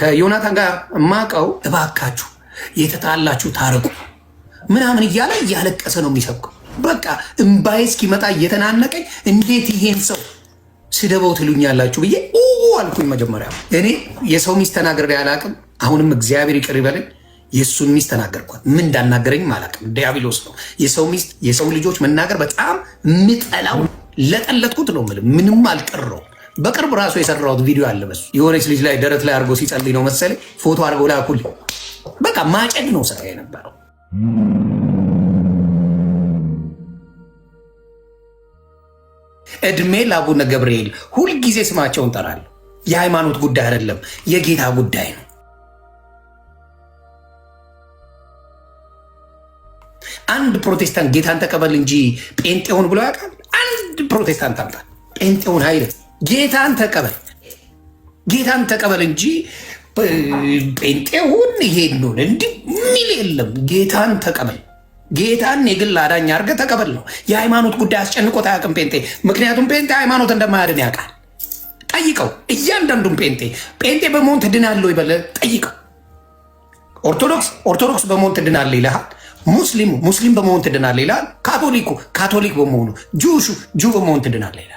ከዮናታን ጋር ማቀው እባካችሁ የተጣላችሁ ታረቁ ምናምን እያለ እያለቀሰ ነው የሚሰብከው። በቃ እምባዬ እስኪመጣ እየተናነቀኝ እንዴት ይሄን ሰው ስደበው ትሉኛላችሁ ብዬ አልኩኝ። መጀመሪያ እኔ የሰው ሚስት ተናግሬ አላቅም። አሁንም እግዚአብሔር ይቅር ይበለኝ። የእሱን ሚስት ተናገርኳት። ምን እንዳናገረኝ አላቅም። ዲያብሎስ ነው የሰው ሚስት የሰው ልጆች መናገር በጣም ምጠላው። ለጠለጥኩት ነው ምንም አልቀረው በቅርብ ራሱ የሰራሁት ቪዲዮ አለ። በሱ የሆነች ልጅ ላይ ደረት ላይ አድርጎ ሲጸልይ ነው መሰለኝ ፎቶ አድርጎ ላኩል። በቃ ማጨድ ነው ስራ የነበረው። እድሜ ለአቡነ ገብርኤል ሁልጊዜ ስማቸውን ጠራለሁ። የሃይማኖት ጉዳይ አይደለም፣ የጌታ ጉዳይ ነው። አንድ ፕሮቴስታንት ጌታን ተቀበል እንጂ ጴንጤሆን ብሎ ያውቃል? አንድ ፕሮቴስታንት አምጣ ጴንጤሆን ኃይለት ጌታን ተቀበል፣ ጌታን ተቀበል እንጂ ጴንጤውን ይሄንን እንዲህ ሚል የለም። ጌታን ተቀበል፣ ጌታን የግል አዳኝ አድርገህ ተቀበል ነው። የሃይማኖት ጉዳይ አስጨንቆት አያውቅም ጴንጤ። ምክንያቱም ጴንጤ ሃይማኖት እንደማያድን ያውቃል። ጠይቀው፣ እያንዳንዱን ጴንጤ ጴንጤ በመሆን ትድናለህ ይበለ ጠይቀው። ኦርቶዶክስ ኦርቶዶክስ በመሆን ትድናለህ ይልሃል። ሙስሊሙ ሙስሊም በመሆን ትድናለህ ይልሃል። ካቶሊኩ ካቶሊክ በመሆኑ ጁሹ ጁ በመሆን ትድናለህ ይልሃል።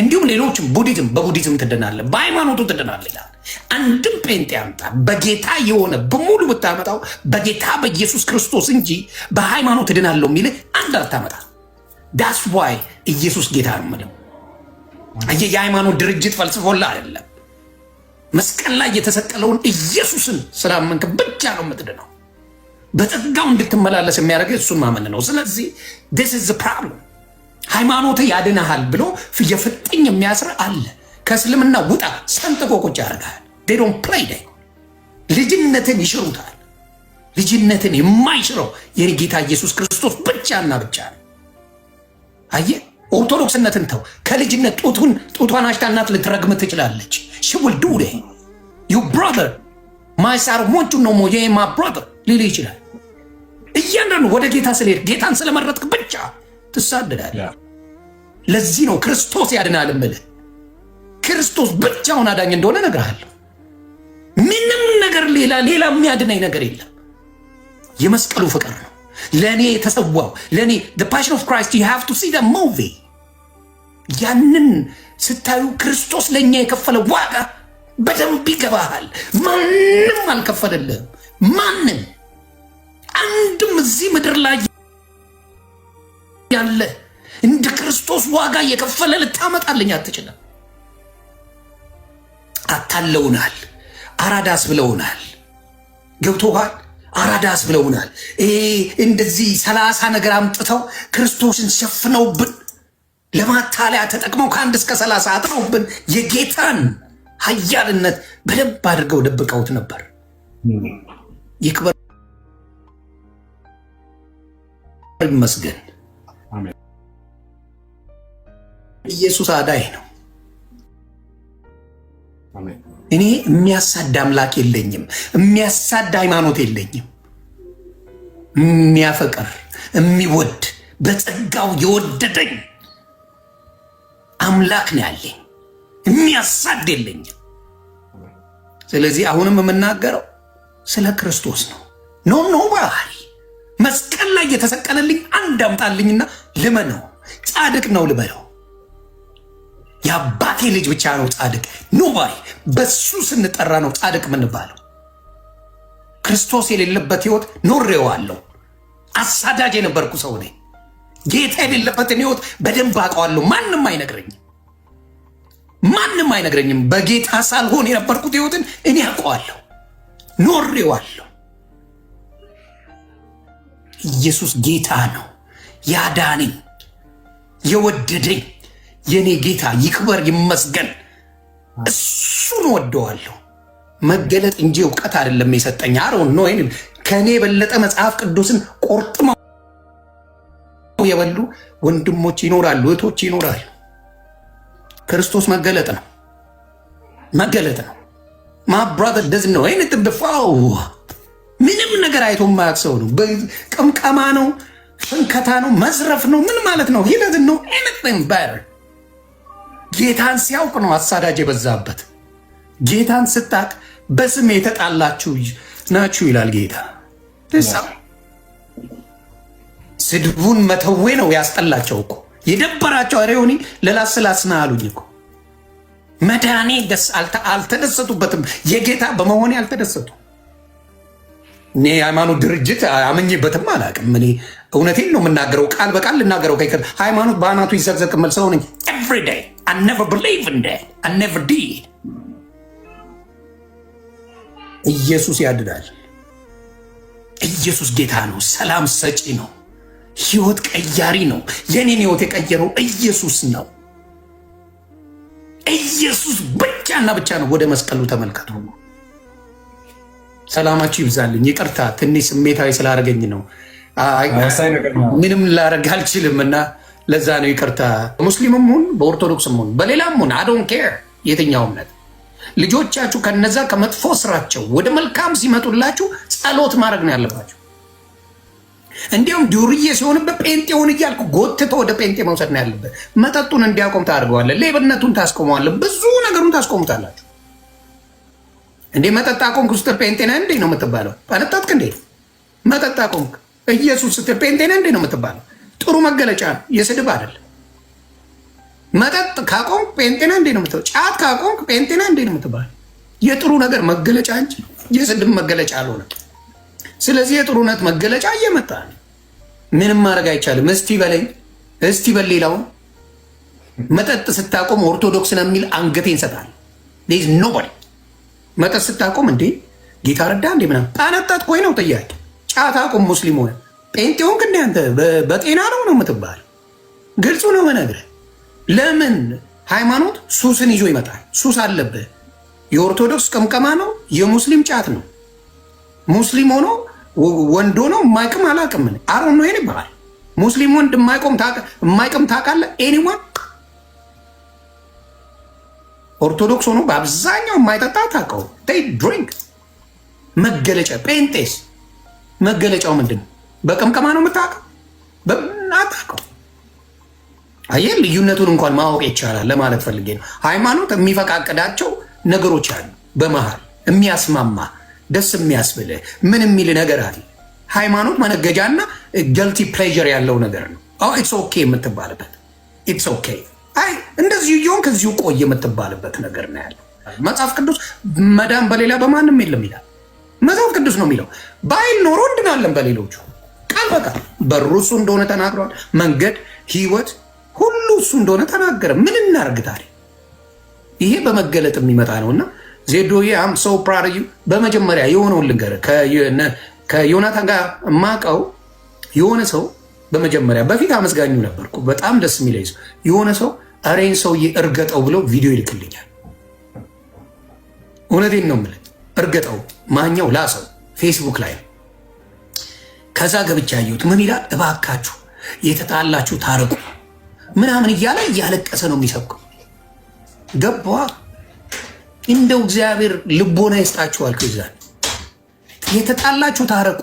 እንዲሁም ሌሎች ቡዲዝም በቡዲዝም ትድናለ፣ በሃይማኖቱ ትድናለ ይላል። አንድም ጴንጤ አምጣ በጌታ የሆነ በሙሉ ብታመጣው በጌታ በኢየሱስ ክርስቶስ እንጂ በሃይማኖት ትድናለው የሚል አንድ አታመጣ። ዳስ ዋይ ኢየሱስ ጌታ ነው ምለው የምለው። የሃይማኖት ድርጅት ፈልስፎላ አይደለም። መስቀል ላይ የተሰቀለውን ኢየሱስን ስላመንክ ብቻ ነው የምትድነው። በጸጋው እንድትመላለስ የሚያደርገ እሱን ማመን ነው። ስለዚህ ዲስ ፕሮብለም ሃይማኖት ያድንሃል ብሎ የፍጥኝ የሚያስር አለ። ከእስልምና ውጣ ሰንጥቆ ቁጭ ያደርግሃል። ዶን ፕላይ ላይ ልጅነትን ይሽሩታል። ልጅነትን የማይሽረው የጌታ ኢየሱስ ክርስቶስ ብቻና ብቻ ነው። አየህ ኦርቶዶክስነትን ተው። ከልጅነት ጡቱን ጡቷን አሽታ እናት ልትረግም ትችላለች። ሽውል ዱደ ዩ ብሮር ማይሳር ሞንቹ ነው ሞየ ማ ብሮር ሊል ይችላል። እያንዳንዱ ወደ ጌታ ስለሄድ ጌታን ስለመረጥክ ብቻ ትሳደዳለህ። ለዚህ ነው ክርስቶስ ያድናል እምልህ። ክርስቶስ ብቻውን አዳኝ እንደሆነ እነግርሃለሁ። ምንም ነገር ሌላ ሌላ የሚያድነኝ ነገር የለም። የመስቀሉ ፍቅር ነው ለእኔ የተሰዋው። ለእኔ ፓሽን ኦፍ ክራይስት ዩ ሃቭ ቱ ሲ ሙቪ። ያንን ስታዩ ክርስቶስ ለእኛ የከፈለ ዋጋ በደንብ ይገባሃል። ማንም አልከፈለልህም። ማንም አንድም እዚህ ምድር ላይ ያለ እንደ ክርስቶስ ዋጋ የከፈለ ልታመጣልኝ አትችልም። አታለውናል። አራዳስ ብለውናል። ገብቶሃል? አራዳስ ብለውናል። እንደዚህ ሰላሳ ነገር አምጥተው ክርስቶስን ሸፍነውብን ለማታለያ ተጠቅመው ከአንድ እስከ ሰላሳ አጥረውብን የጌታን ኃያልነት በደንብ አድርገው ደብቀውት ነበር። ይክበር ይመስገን። ኢየሱስ አዳይ ነው። እኔ የሚያሳድ አምላክ የለኝም። የሚያሳድ ሃይማኖት የለኝም። የሚያፈቅር የሚወድ በጸጋው የወደደኝ አምላክ ነው ያለኝ። የሚያሳድ የለኝም። ስለዚህ አሁንም የምናገረው ስለ ክርስቶስ ነው። ኖም ነው ባህል መስቀል ላይ የተሰቀለልኝ አንድ አምጣልኝና ልመነው። ጻድቅ ነው ልመነው። የአባቴ ልጅ ብቻ ነው ጻድቅ ኖባይ። በሱ ስንጠራ ነው ጻድቅ የምንባለው። ክርስቶስ የሌለበት ህይወት ኖሬዋለሁ። አሳዳጅ የነበርኩ ሰው ነኝ። ጌታ የሌለበትን ህይወት በደንብ አውቀዋለሁ። ማንም አይነግረኝም፣ ማንም አይነግረኝም። በጌታ ሳልሆን የነበርኩት ህይወትን እኔ አውቀዋለሁ፣ ኖሬዋለሁ። ኢየሱስ ጌታ ነው ያዳነኝ የወደደኝ የእኔ ጌታ ይክበር ይመስገን። እሱን ወደዋለሁ። መገለጥ እንጂ እውቀት አይደለም የሰጠኝ። አረውን ኖ ወይም ከእኔ የበለጠ መጽሐፍ ቅዱስን ቆርጥመው የበሉ ወንድሞች ይኖራሉ፣ እህቶች ይኖራሉ። ክርስቶስ መገለጥ ነው መገለጥ ነው ማ ብራዘር ደዝ ነው ይን ምንም ነገር አይቶ የማያውቅ ሰው ነው። ቅምቀማ ነው፣ ፍንከታ ነው፣ መዝረፍ ነው። ምን ማለት ነው? ሂደት ነው። ኤኒቲንግ በር ጌታን ሲያውቅ ነው አሳዳጅ የበዛበት። ጌታን ስታቅ በስም የተጣላችሁ ናችሁ ይላል ጌታ። ስድቡን መተዌ ነው ያስጠላቸው እኮ የደበራቸው። ኧረ ዮኒ ለላስላስ አሉኝ እኮ መድኃኔ ደስ አልተደሰቱበትም። የጌታ በመሆኔ አልተደሰቱም። እኔ የሃይማኖት ድርጅት አመኝበትም አላውቅም። እኔ እውነቴን ነው የምናገረው፣ ቃል በቃል ልናገረው። ከይከ ሃይማኖት በአናቱ ይዘቅዘቅ መል ሰው ነኝ። ኤቭሪ ዴይ አይ ኔቨር ብሊቭ ኢን አይ ኔቨር ዲድ። ኢየሱስ ያድናል። ኢየሱስ ጌታ ነው። ሰላም ሰጪ ነው። ህይወት ቀያሪ ነው። የኔን ህይወት የቀየረው ኢየሱስ ነው። ኢየሱስ ብቻና ብቻ ነው። ወደ መስቀሉ ተመልከቱ። ሰላማችሁ ይብዛልኝ። ይቅርታ ትንሽ ስሜታዊ ስላደረገኝ ነው። ምንም ላደርግ አልችልም እና ለዛ ነው ይቅርታ። ሙስሊምም ሁን በኦርቶዶክስም ሁን በሌላም ሁን አዶን ኬር የትኛው እምነት ልጆቻችሁ ከነዛ ከመጥፎ ስራቸው ወደ መልካም ሲመጡላችሁ ጸሎት ማድረግ ነው ያለባቸው። እንዲሁም ዱርዬ ሲሆንበት ጴንጤውን እያልኩ ጎትተ ወደ ጴንጤ መውሰድ ነው ያለበት። መጠጡን እንዲያቆም ታደርገዋለን፣ ሌብነቱን ታስቆመዋለን ብዙ ነገሩን ታስቆሙታላችሁ። እንዴ መጠጣ ቆንክ ውስጥ ጴንጤ ነህ እንዴ ነው የምትባለው? ጠጣጥክ እንዴ መጠጣ ቆንክ ኢየሱስ ስትል ጴንጤ ነህ እንዴ ነው የምትባለው? ጥሩ መገለጫ ነው፣ የስድብ አይደለም። መጠጥ ካቆንክ ጴንጤ ነህ እንዴ ነው የምትባለው? ጫት ካቆንክ ጴንጤ ነህ እንዴ ነው የምትባለው? የጥሩ ነገር መገለጫ እንጂ የስድብ መገለጫ አልሆነ። ስለዚህ የጥሩነት መገለጫ እየመጣ ነው። ምንም ማድረግ አይቻልም። እስቲ በለኝ እስቲ በል ሌላውን መጠጥ ስታቆም ኦርቶዶክስ ነው የሚል አንገቴ ይሰጣል ኖ መጠጥ ስታቆም እንዴ ጌታ ረዳ እንዴ ምናምን አነጣት ኮይ ነው ጥያቄ። ጫት አቁም ሙስሊም ሆነ ጴንጤውን ግን አንተ በጤና ነው ነው የምትባል። ግልጹ ነው መነግረ ለምን ሃይማኖት ሱስን ይዞ ይመጣል። ሱስ አለብህ። የኦርቶዶክስ ቅምቀማ ነው፣ የሙስሊም ጫት ነው። ሙስሊም ሆኖ ወንድ ሆኖ የማይቅም አላቅምን አሮን ነው ይባል። ሙስሊም ወንድ የማይቆም ታውቃለህ? ኤኒዋን ኦርቶዶክስ ሆኖ በአብዛኛው የማይጠጣ ታውቀው ድሪንክ መገለጫ ጴንጤስ መገለጫው ምንድን ነው? በቀምቀማ ነው የምታውቀው በምናታውቀው አየህ፣ ልዩነቱን እንኳን ማወቅ ይቻላል ለማለት ፈልጌ ነው። ሃይማኖት የሚፈቃቅዳቸው ነገሮች አሉ። በመሃል የሚያስማማ ደስ የሚያስብልህ ምን የሚል ነገር አለ። ሃይማኖት መነገጃና ገልቲ ፕሌዥር ያለው ነገር ነው። ኢትስ ኦኬ የምትባልበት ኢትስ ኦኬ አይ እንደዚሁ እየሆን ከዚሁ ቆይ የምትባልበት ነገር ነው ያለው። መጽሐፍ ቅዱስ መዳን በሌላ በማንም የለም ይላል። መጽሐፍ ቅዱስ ነው የሚለው። በአይን ኖሮ እንድናለን በሌሎቹ ቃል በቃል በሩ እሱ እንደሆነ ተናግረዋል። መንገድ፣ ህይወት ሁሉ እሱ እንደሆነ ተናገረ። ምን እናርግ ታዲያ? ይሄ በመገለጥ የሚመጣ ነው እና ዜዶ አም ሰው ፕራርዩ በመጀመሪያ የሆነውን ልንገር። ከዮናታን ጋር ማቀው የሆነ ሰው በመጀመሪያ በፊት አመስጋኙ ነበርኩ። በጣም ደስ የሚለይ ሰው የሆነ ሰው እሬን ሰውዬ እርገጠው ብሎ ቪዲዮ ይልክልኛል። እውነቴን ነው የምልህ። እርገጠው ማኛው ላሰው ፌስቡክ ላይ ከዛ ገብቻ ያየሁት ምን ይላል? እባካችሁ የተጣላችሁ ታረቁ ምናምን እያለ እያለቀሰ ነው የሚሰብከው። ገባ እንደው እግዚአብሔር ልቦና ይስጣችኋል። አልኩ። የተጣላችሁ ታረቁ፣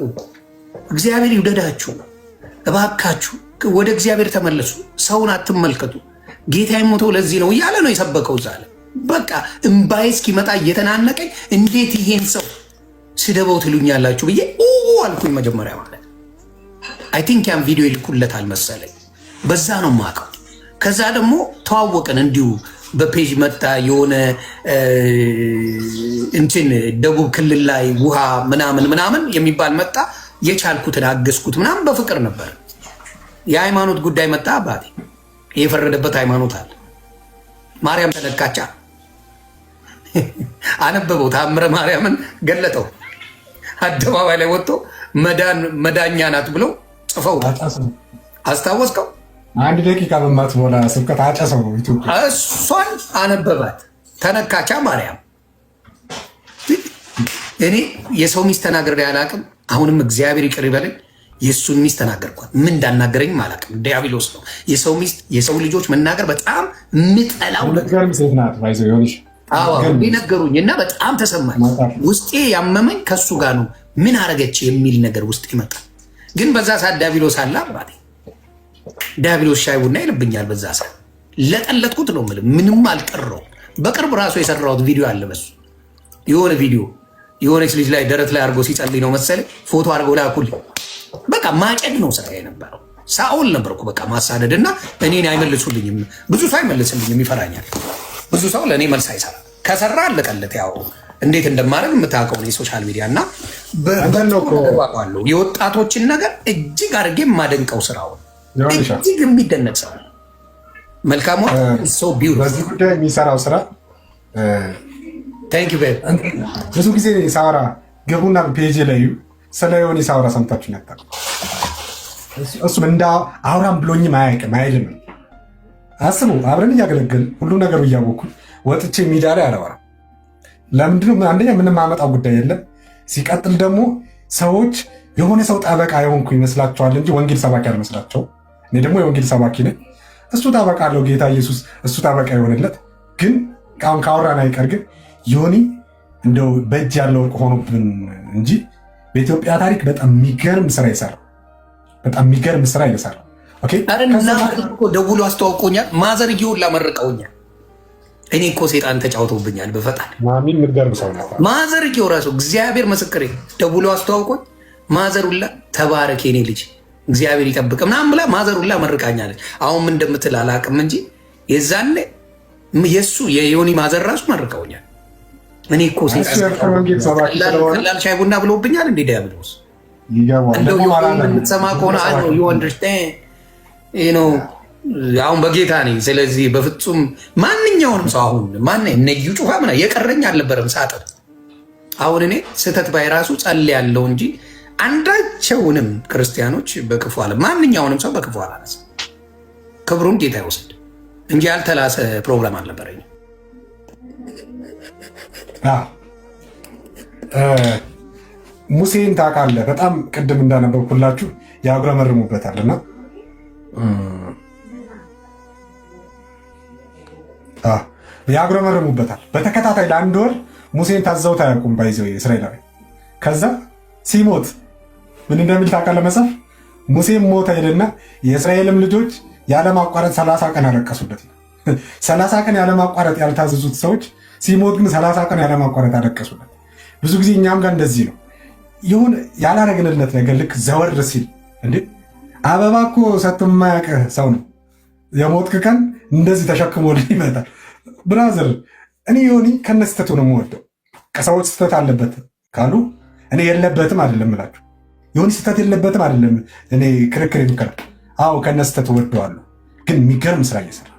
እግዚአብሔር ይውደዳችሁ፣ እባካችሁ ወደ እግዚአብሔር ተመለሱ፣ ሰውን አትመልከቱ። ጌታ የሞተው ለዚህ ነው እያለ ነው የሰበከው። ዛለ በቃ እምባይ እስኪመጣ እየተናነቀኝ እንዴት ይሄን ሰው ስደበው ትሉኛላችሁ ብዬ አልኩኝ። መጀመሪያ ማለት አይ ቲንክ ያን ቪዲዮ ይልኩለት አልመሰለኝ። በዛ ነው ማቀው ከዛ ደግሞ ተዋወቅን እንዲሁ በፔጅ መጣ የሆነ እንትን ደቡብ ክልል ላይ ውሃ ምናምን ምናምን የሚባል መጣ። የቻልኩትን አገዝኩት ምናምን በፍቅር ነበር። የሃይማኖት ጉዳይ መጣ አባቴ የፈረደበት ሃይማኖት አለ። ማርያም ተለቃጫ አነበበው፣ ታምረ ማርያምን ገለጠው። አደባባይ ላይ ወጥቶ መዳኛ ናት ብሎ ጽፈው አስታወስከው። አንድ ደቂቃ በማትሞላ ስብከት አጨሰው። እሷን አነበባት ተነካቻ ማርያም። እኔ የሰው ሚስት ተናግሬ አላቅም። አሁንም እግዚአብሔር ይቅር ይበለኝ። የእሱን ሚስት ተናገርኳት። ምን እንዳናገረኝም አላውቅም። ዲያብሎስ ነው የሰው ሚስት የሰው ልጆች መናገር በጣም የምጠላው ነገሩኝ እና በጣም ተሰማኝ። ውስጤ ያመመኝ ከሱ ጋር ነው። ምን አረገች የሚል ነገር ውስጥ ይመጣል። ግን በዛ ሰዓት ዲያብሎስ አለ አባቴ። ዲያብሎስ ሻይ ቡና ይልብኛል። በዛ ሰዓት ለጠለጥኩት ነው የምልህ። ምንም አልቀረው። በቅርብ ራሱ የሰራሁት ቪዲዮ አለ በሱ የሆነ ቪዲዮ የሆነች ልጅ ላይ ደረት ላይ አድርጎ ሲጸልይ ነው መሰለኝ ፎቶ አድርጎ ላኩልኝ። በቃ ማጨድ ነው ስራ የነበረው። ሳኦል ነበርኩ በቃ ማሳደድ እና እኔን አይመልሱልኝም። ብዙ ሰው አይመልስልኝም፣ ይፈራኛል። ብዙ ሰው ለእኔ መልስ አይሰራ። ከሰራ አለቀለት። ያው እንዴት እንደማድረግ የምታውቀው ነው የሶሻል ሚዲያ እና በባቋሉ የወጣቶችን ነገር እጅግ አድርጌ የማደንቀው ስራውን እጅግ የሚደነቅ ሰው መልካሙ ሰው ቢው በዚህ ጉዳይ የሚሰራው ስራ ብዙ ጊዜ ሳራ ገቡና ፔጅ ላይ ስለ ዮኒስ አውራ ሰምታችሁ ነታ። እሱም እንደ አውራም ብሎኝ አያውቅም አይልም። አስቡ፣ አብረን እያገለገል ሁሉ ነገሩ እያወኩኝ ወጥቼ ሚዲያ ላይ አላወራም። ለምንድነው? አንደኛ ምንም ማመጣው ጉዳይ የለም። ሲቀጥል ደግሞ ሰዎች የሆነ ሰው ጠበቃ የሆንኩ ይመስላቸዋል እንጂ ወንጌል ሰባኪ አልመስላቸው። እኔ ደግሞ የወንጌል ሰባኪ ነኝ። እሱ ጠበቃ አለው ጌታ ኢየሱስ፣ እሱ ጠበቃ የሆነለት ግን አሁን ካወራን አይቀር ግን ዮኒ እንደው በእጅ ያለው ሆኖብን እንጂ በኢትዮጵያ ታሪክ በጣም የሚገርም ስራ የሰራ በጣም የሚገርም ስራ እየሰራ ደውሎ አስተዋውቆኛል። ማዘር ጊውላ መርቀውኛል። እኔ እኮ ሴጣን ተጫውቶብኛል። በፈጣን ማሚን የምትገርም ሰው ማዘር ጊው ራሱ እግዚአብሔር ምስክሬ ደውሎ አስተዋውቆኝ ማዘሩላ ተባረክ የኔ ልጅ እግዚአብሔር ይጠብቅ ምናምን ብላ ማዘሩላ መርቃኛለች። አሁን ምን እንደምትል አላውቅም እንጂ የዛኔ የእሱ የዮኒ ማዘር ራሱ መርቀውኛል። እኔ እኮ ቀላል ቡና ብሎብኛል። እንዴ ዲያብሎስ እንደው የምትሰማ ከሆነ ነው አሁን በጌታ ነኝ። ስለዚህ በፍጹም ማንኛውንም ሰው አሁን ማን እነዩ ጩፋ ምና የቀረኝ አልነበረም ሳጥር አሁን እኔ ስህተት ባይ ራሱ ያለው እንጂ አንዳቸውንም ክርስቲያኖች በክፉ አለ ማንኛውንም ሰው በክፉ አላነሳም። ክብሩን ጌታ ይወስድ እንጂ ያልተላሰ ፕሮግራም አልነበረኝም። ሙሴን ታውቃለህ? በጣም ቅድም እንዳነበብኩላችሁ ያጉረመርሙበታል እና ያጉረመርሙበታል በተከታታይ ለአንድ ወር ሙሴን ታዘውት አያውቁም። ባይዘው እስራኤላዊ ከዛ ሲሞት ምን እንደሚል ታውቃለህ? መጽሐፍ ሙሴም ሞተ ይልና የእስራኤልም ልጆች ያለማቋረጥ ሰላሳ ቀን አለቀሱለት። ሰላሳ ቀን ያለማቋረጥ ያልታዘዙት ሰዎች ሲሞት ግን ሰላሳ ቀን ያለማቋረጥ አለቀሱለት። ብዙ ጊዜ እኛም ጋር እንደዚህ ነው። ይሁን ያላረግንለት ነገር ልክ ዘወር ሲል እንዴ አበባ እኮ ሰጥቶ የማያውቅ ሰው ነው። የሞትክ ቀን እንደዚህ ተሸክሞ ይመጣል። ብራዘር እኔ ዮኒ ከነ ስህተቱ ነው የምወደው። ከሰዎች ስህተት አለበት ካሉ እኔ የለበትም አይደለም እላችሁ። ዮኒ ስህተት የለበትም አይደለም እኔ ክርክር ይምከራ። አዎ ከነ ስህተቱ ወደዋለሁ፣ ግን የሚገርም ስራ እየሰራ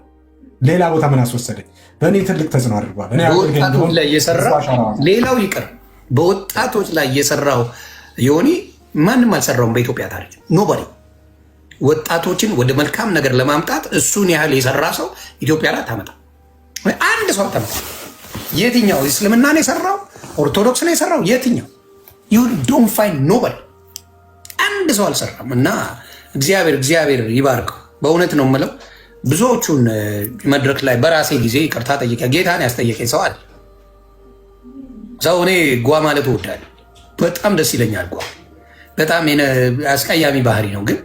ሌላ ቦታ ምን አስወሰደኝ? በእኔ ትልቅ ተጽዕኖ አድርጓል። በወጣቶች ላይ እየሰራ ሌላው ይቅር፣ በወጣቶች ላይ እየሰራው ዮኒ ማንም አልሰራውም በኢትዮጵያ ታሪክ ኖባዲ። ወጣቶችን ወደ መልካም ነገር ለማምጣት እሱን ያህል የሰራ ሰው ኢትዮጵያ ላይ ታመጣ አንድ ሰው ታመጣ። የትኛው እስልምና ነው የሰራው? ኦርቶዶክስ ነው የሰራው? የትኛው ዩ ዶንት ፋይንድ አንድ ሰው አልሰራም። እና እግዚአብሔር እግዚአብሔር ይባርከው። በእውነት ነው የምለው ብዙዎቹን መድረክ ላይ በራሴ ጊዜ ይቅርታ ጠይቀ ጌታን ያስጠየቀኝ ሰው አለ። ሰው እኔ ጓ ማለት እወዳለሁ። በጣም ደስ ይለኛል። ጓ በጣም አስቀያሚ ባህሪ ነው፣ ግን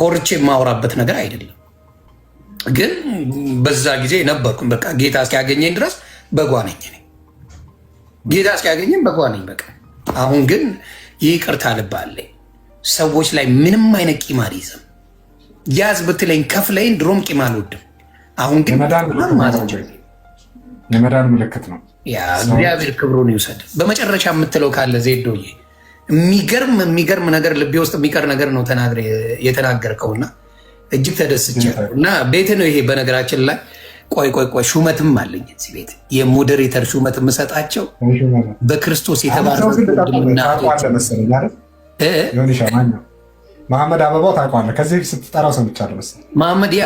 ኮርቼ የማወራበት ነገር አይደለም። ግን በዛ ጊዜ ነበርኩም። በቃ ጌታ እስኪያገኘኝ ድረስ በጓ ነኝ። ጌታ እስኪያገኘኝ በጓ ነኝ። በቃ አሁን ግን ይቅርታ ልባለኝ። ሰዎች ላይ ምንም አይነት ቂም አልይዝም። ያዝ ብትለኝ ከፍለኝ ድሮም ቂም አልወድም። አሁን ግን የመዳን ምልክት ነው። እግዚአብሔር ክብሩን ይውሰድ። በመጨረሻ የምትለው ካለ ዜዶዬ፣ የሚገርም የሚገርም ነገር ልቤ ውስጥ የሚቀር ነገር ነው የተናገርከውና እጅግ ተደስቻለሁ። እና ቤት ነው ይሄ። በነገራችን ላይ ቆይ ቆይ ቆይ ሹመትም አለኝ እዚህ ቤት የሞዴሬተር ሹመት የምሰጣቸው በክርስቶስ የተባረኩ ወንድምና መሐመድ አበባው ታውቀዋለህ? ከዚህ በፊት ስትጠራው ሰምቻለሁ መሰለኝ። መሐመድ ያ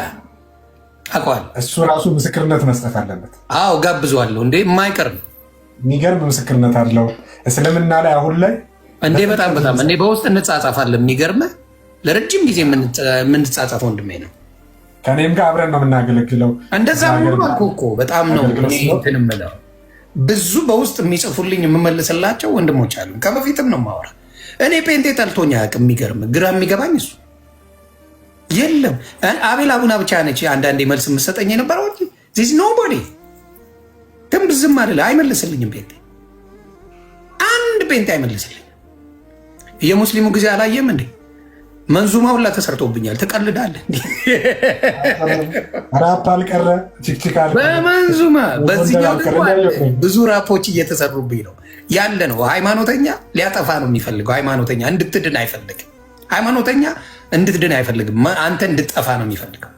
አውቀዋለሁ። እሱ ራሱ ምስክርነት መስጠት አለበት። አዎ ጋብዘዋለሁ። እንዴ የማይቀርም የሚገርም ምስክርነት አለው እስልምና ላይ አሁን ላይ እንዴ በጣም በጣም እኔ በውስጥ እንጻጻፋለን። የሚገርምህ ለረጅም ጊዜ የምንጻጻፍ ወንድሜ ነው። ከኔም ጋር አብረን ነው የምናገለግለው። እንደዛ እኮ በጣም ነው እንትን ብዙ በውስጥ የሚጽፉልኝ የምመልስላቸው ወንድሞች አሉ። ከበፊትም ነው የማወራው እኔ ጴንጤ ጠልቶኝ አያውቅም። የሚገርም ግራ የሚገባኝ እሱ የለም። አቤል አቡና ብቻ ነች አንዳንዴ መልስ የምሰጠኝ የነበረው እንጂ ዚስ ኖቦዲ ግን ብዝም አይደለ አይመልስልኝም። ጴንጤ አንድ ጴንጤ አይመልስልኝም። የሙስሊሙ ጊዜ አላየም እንዴ? መንዙማ ሁላ ተሰርቶብኛል። ትቀልዳለህ። ራፕ አልቀረ በመንዙማ በዚህኛው ብዙ ራፖች እየተሰሩብኝ ነው። ያለ ነው። ሃይማኖተኛ ሊያጠፋ ነው የሚፈልገው። ሃይማኖተኛ እንድትድን አይፈልግም። ሃይማኖተኛ እንድትድን አይፈልግም። አንተ እንድትጠፋ ነው የሚፈልገው።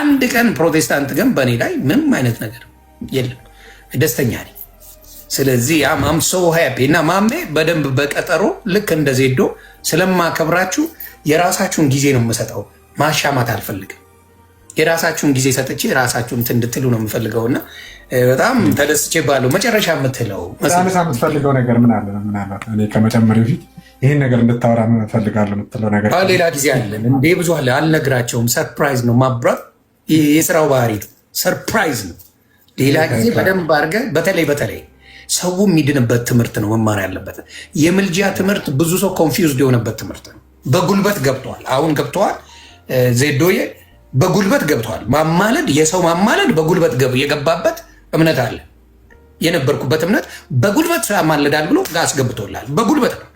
አንድ ቀን ፕሮቴስታንት ግን በእኔ ላይ ምንም አይነት ነገር የለም፣ ደስተኛ ነኝ። ስለዚህ አም ሶ ሃፒ እና ማሜ በደንብ በቀጠሮ ልክ እንደ ዜዶ ስለማከብራችሁ የራሳችሁን ጊዜ ነው የምሰጠው። ማሻማት አልፈልግም። የራሳችሁን ጊዜ ሰጥቼ ራሳችሁን እንድትሉ ነው የምፈልገውና በጣም ተደስቼ ባለው መጨረሻ የምትለው የምትፈልገው ነገር ምን አለ? ምናልባት እኔ ከመጀመሪያው ፊት ይህን ነገር እንድታወራ እፈልጋለሁ የምትለው ነገር ሌላ ጊዜ አለን። እንደ ብዙ አለ አልነግራቸውም። ሰርፕራይዝ ነው ማብራት፣ የስራው ባህሪ ሰርፕራይዝ ነው። ሌላ ጊዜ በደንብ አድርገህ በተለይ በተለይ ሰው የሚድንበት ትምህርት ነው መማር ያለበት። የምልጃ ትምህርት ብዙ ሰው ኮንፊውዝድ የሆነበት ትምህርት ነው። በጉልበት ገብተዋል፣ አሁን ገብተዋል። ዜዶዬ በጉልበት ገብተዋል። ማማለድ የሰው ማማለድ በጉልበት የገባበት እምነት አለ። የነበርኩበት እምነት በጉልበት ማለዳል ብሎ ጋር አስገብቶላል። በጉልበት ነው፣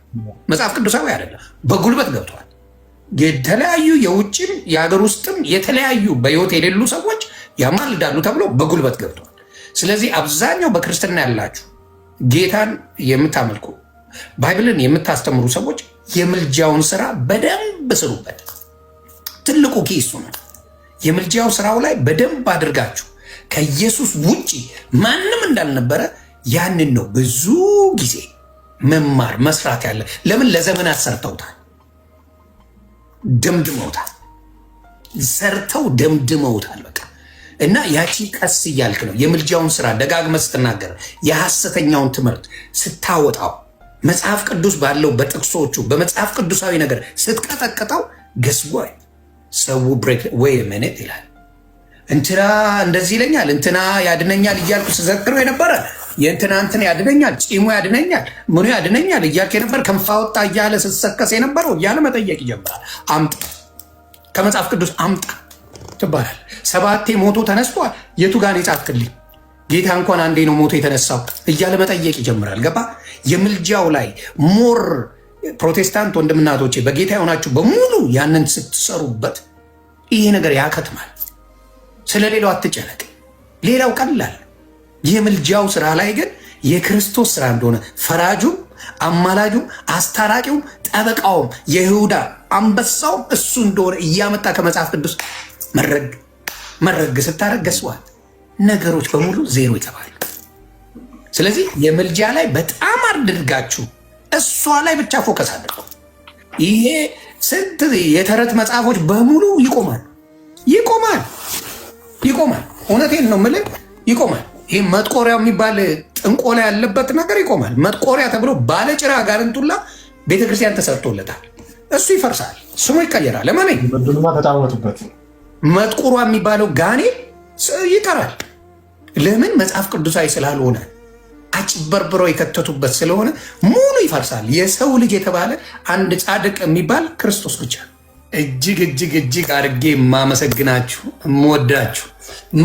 መጽሐፍ ቅዱሳዊ አይደለም። በጉልበት ገብቷል። የተለያዩ የውጭም የሀገር ውስጥም የተለያዩ በህይወት የሌሉ ሰዎች ያማልዳሉ ተብሎ በጉልበት ገብተዋል። ስለዚህ አብዛኛው በክርስትና ያላችሁ ጌታን የምታመልኩ ባይብልን የምታስተምሩ ሰዎች የምልጃውን ስራ በደንብ ስሩበት። ትልቁ ኪሱ ነው። የምልጃው ስራው ላይ በደንብ አድርጋችሁ ከኢየሱስ ውጪ ማንም እንዳልነበረ ያንን ነው ብዙ ጊዜ መማር መስራት ያለ። ለምን ለዘመናት ሰርተውታል፣ ደምድመውታል፣ ሰርተው ደምድመውታል። በቃ እና ያቺ ቀስ እያልክ ነው የምልጃውን ስራ ደጋግመ ስትናገር የሐሰተኛውን ትምህርት ስታወጣው መጽሐፍ ቅዱስ ባለው በጥቅሶቹ በመጽሐፍ ቅዱሳዊ ነገር ስትቀጠቅጠው ገስቧል። ሰው ብሬክ ወይ መኔት ይላል እንትና እንደዚህ ይለኛል፣ እንትና ያድነኛል እያልኩ ስዘክረው የነበረ የእንትና እንትን ያድነኛል፣ ፂሙ ያድነኛል፣ ምኑ ያድነኛል እያልክ የነበር ከንፋወጣ እያለ ስትሰከስ የነበረው እያለ መጠየቅ ይጀምራል። አምጣ ከመጽሐፍ ቅዱስ አምጣ ትባላል። ሰባቴ ሞቶ ተነስቷል። የቱ ጋር ይጻፍክልኝ? ጌታ እንኳን አንዴ ነው ሞቶ የተነሳው እያለ መጠየቅ ይጀምራል። ገባ? የምልጃው ላይ ሞር ፕሮቴስታንት ወንድምናቶቼ በጌታ የሆናችሁ በሙሉ ያንን ስትሰሩበት ይሄ ነገር ያከትማል። ስለ ሌላው አትጨነቅ። ሌላው ቀላል። የምልጃው ስራ ላይ ግን የክርስቶስ ስራ እንደሆነ ፈራጁም፣ አማላጁም፣ አስታራቂውም፣ ጠበቃውም የይሁዳ አንበሳውም እሱ እንደሆነ እያመጣ ከመጽሐፍ ቅዱስ መረግ መረግ ስታረግ ገስዋል ነገሮች በሙሉ ዜሮ ይገባል። ስለዚህ የምልጃ ላይ በጣም አድርጋችሁ እሷ ላይ ብቻ ፎከስ አድርገው። ይሄ ስንት የተረት መጽሐፎች በሙሉ ይቆማል ይቆማል። ይቆማል። እውነቴን ነው የምልህ ይቆማል። ይህ መጥቆሪያ የሚባል ጥንቆላ ያለበት ነገር ይቆማል። መጥቆሪያ ተብሎ ባለጭራ ጋርንቱላ ቤተክርስቲያን ተሰርቶለታል። እሱ ይፈርሳል፣ ስሙ ይቀየራል። ለማን ተጫወቱበት? የሚባለው ጋኔ ይቀራል። ለምን? መጽሐፍ ቅዱሳዊ ስላልሆነ አጭበርብረው የከተቱበት ስለሆነ ሙሉ ይፈርሳል። የሰው ልጅ የተባለ አንድ ጻድቅ የሚባል ክርስቶስ ብቻ ነው። እጅግ እጅግ እጅግ አድርጌ የማመሰግናችሁ የምወዳችሁ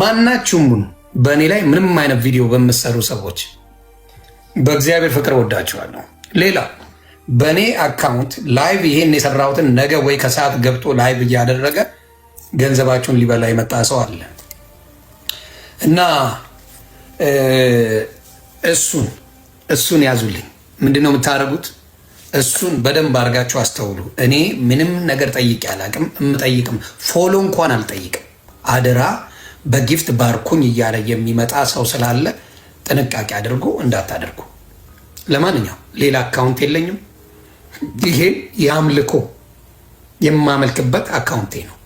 ማናችሁም ሁኑ። በእኔ ላይ ምንም አይነት ቪዲዮ በምሰሩ ሰዎች በእግዚአብሔር ፍቅር ወዳችኋለሁ። ሌላ በእኔ አካውንት ላይቭ ይሄን የሰራሁትን ነገ ወይ ከሰዓት ገብቶ ላይቭ እያደረገ ገንዘባችሁን ሊበላ የመጣ ሰው አለ እና እሱን እሱን ያዙልኝ። ምንድነው የምታደርጉት? እሱን በደንብ አድርጋችሁ አስተውሉ። እኔ ምንም ነገር ጠይቄ አላቅም፣ የምጠይቅም ፎሎ እንኳን አልጠይቅም። አደራ በጊፍት ባርኩኝ እያለ የሚመጣ ሰው ስላለ ጥንቃቄ አድርጎ እንዳታደርጉ። ለማንኛውም ሌላ አካውንት የለኝም። ይሄ የአምልኮ የማመልክበት አካውንቴ ነው።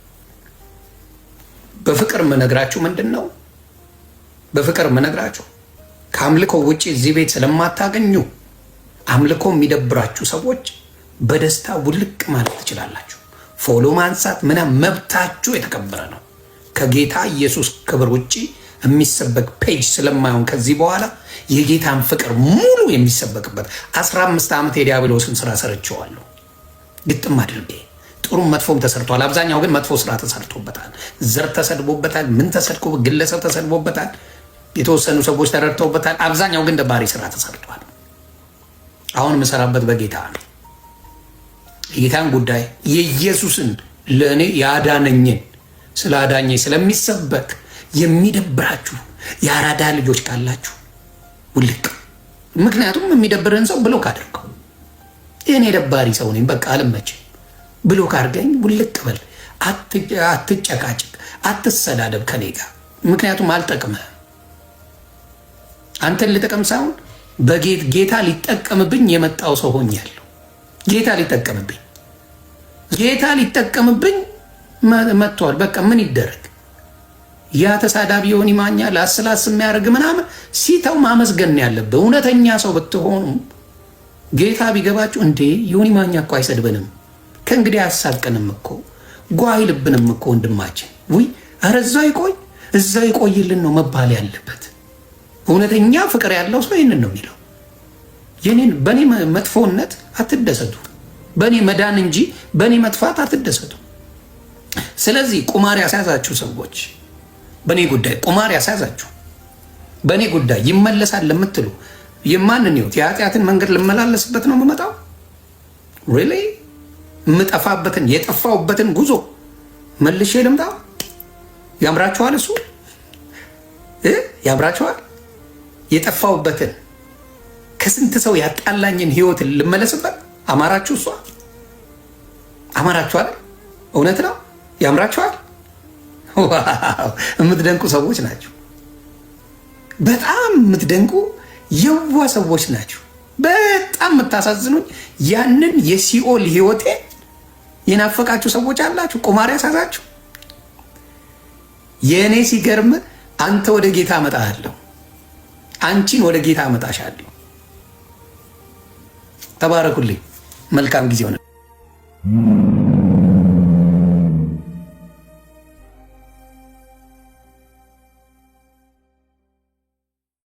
በፍቅር ምነግራችሁ ምንድን ነው፣ በፍቅር ምነግራችሁ ከአምልኮ ውጭ እዚህ ቤት ስለማታገኙ አምልኮ የሚደብራችሁ ሰዎች በደስታ ውልቅ ማለት ትችላላችሁ። ፎሎ ማንሳት ምናምን መብታችሁ የተከበረ ነው። ከጌታ ኢየሱስ ክብር ውጭ የሚሰበክ ፔጅ ስለማይሆን ከዚህ በኋላ የጌታን ፍቅር ሙሉ የሚሰበክበት 15 ዓመት የዲያብሎስን ስራ ሰርቼዋለሁ። ግጥም አድርጌ ጥሩም መጥፎም ተሰርቷል። አብዛኛው ግን መጥፎ ስራ ተሰርቶበታል። ዘር ተሰድቦበታል። ምን ተሰድቦ ግለሰብ ተሰድቦበታል። የተወሰኑ ሰዎች ተረድተውበታል። አብዛኛው ግን ደባሪ ስራ ተሰርቷል። አሁን የምሰራበት በጌታ ነው። የጌታን ጉዳይ የኢየሱስን ለእኔ ያዳነኝን ስለ አዳኘኝ ስለሚሰበክ የሚደብራችሁ የአራዳ ልጆች ካላችሁ ውልቅ። ምክንያቱም የሚደብርህን ሰው ብሎክ አድርገው። እኔ ደባሪ ሰው ነኝ፣ በቃ አልመችም፣ ብሎክ አድርገኝ፣ ውልቅ በል። አትጨቃጭቅ፣ አትሰዳደብ ከኔ ጋር ምክንያቱም አልጠቅመህ አንተን ልጠቀም ሳይሆን በጌታ ሊጠቀምብኝ የመጣው ሰው ሆኛለሁ። ጌታ ሊጠቀምብኝ ጌታ ሊጠቀምብኝ መጥቷል። በቃ ምን ይደረግ? ያ ተሳዳቢ የሆን ይማኛ ላስላስ የሚያደርግ ምናምን ሲተው ማመስገን ያለበት እውነተኛ ሰው ብትሆኑ ጌታ ቢገባችሁ እንዴ የሆን ይማኛ እኮ አይሰድብንም ከእንግዲህ አያሳቅንም እኮ ጓይ ልብንም እኮ ወንድማችን። ውይ ኧረ እዛው ይቆይ እዛው ይቆይልን ነው መባል ያለበት። እውነተኛ ፍቅር ያለው ሰው ይህንን ነው የሚለው። የኔን በእኔ መጥፎነት አትደሰቱ፣ በእኔ መዳን እንጂ በእኔ መጥፋት አትደሰቱ። ስለዚህ ቁማር ያስያዛችሁ ሰዎች በእኔ ጉዳይ ቁማር ያስያዛችሁ በእኔ ጉዳይ ይመለሳል ለምትሉ የማንን ህይወት የኃጢአትን መንገድ ልመላለስበት ነው የምመጣው? ሪሊ የምጠፋበትን የጠፋውበትን ጉዞ መልሼ ልምጣ? ያምራችኋል? እሱ ያምራችኋል? የጠፋውበትን ከስንት ሰው ያጣላኝን ህይወትን ልመለስበት አማራችሁ እሷ አማራችኋል። እውነት ነው ያምራችኋል። የምትደንቁ ሰዎች ናችሁ። በጣም የምትደንቁ የዋ ሰዎች ናችሁ። በጣም የምታሳዝኑኝ። ያንን የሲኦል ህይወቴ የናፈቃችሁ ሰዎች አላችሁ። ቁማር ያሳዛችሁ። የእኔ ሲገርም አንተ ወደ ጌታ እመጣለሁ አንቺን ወደ ጌታ አመጣሻለሁ። ተባረኩልኝ። መልካም ጊዜ ሆነ።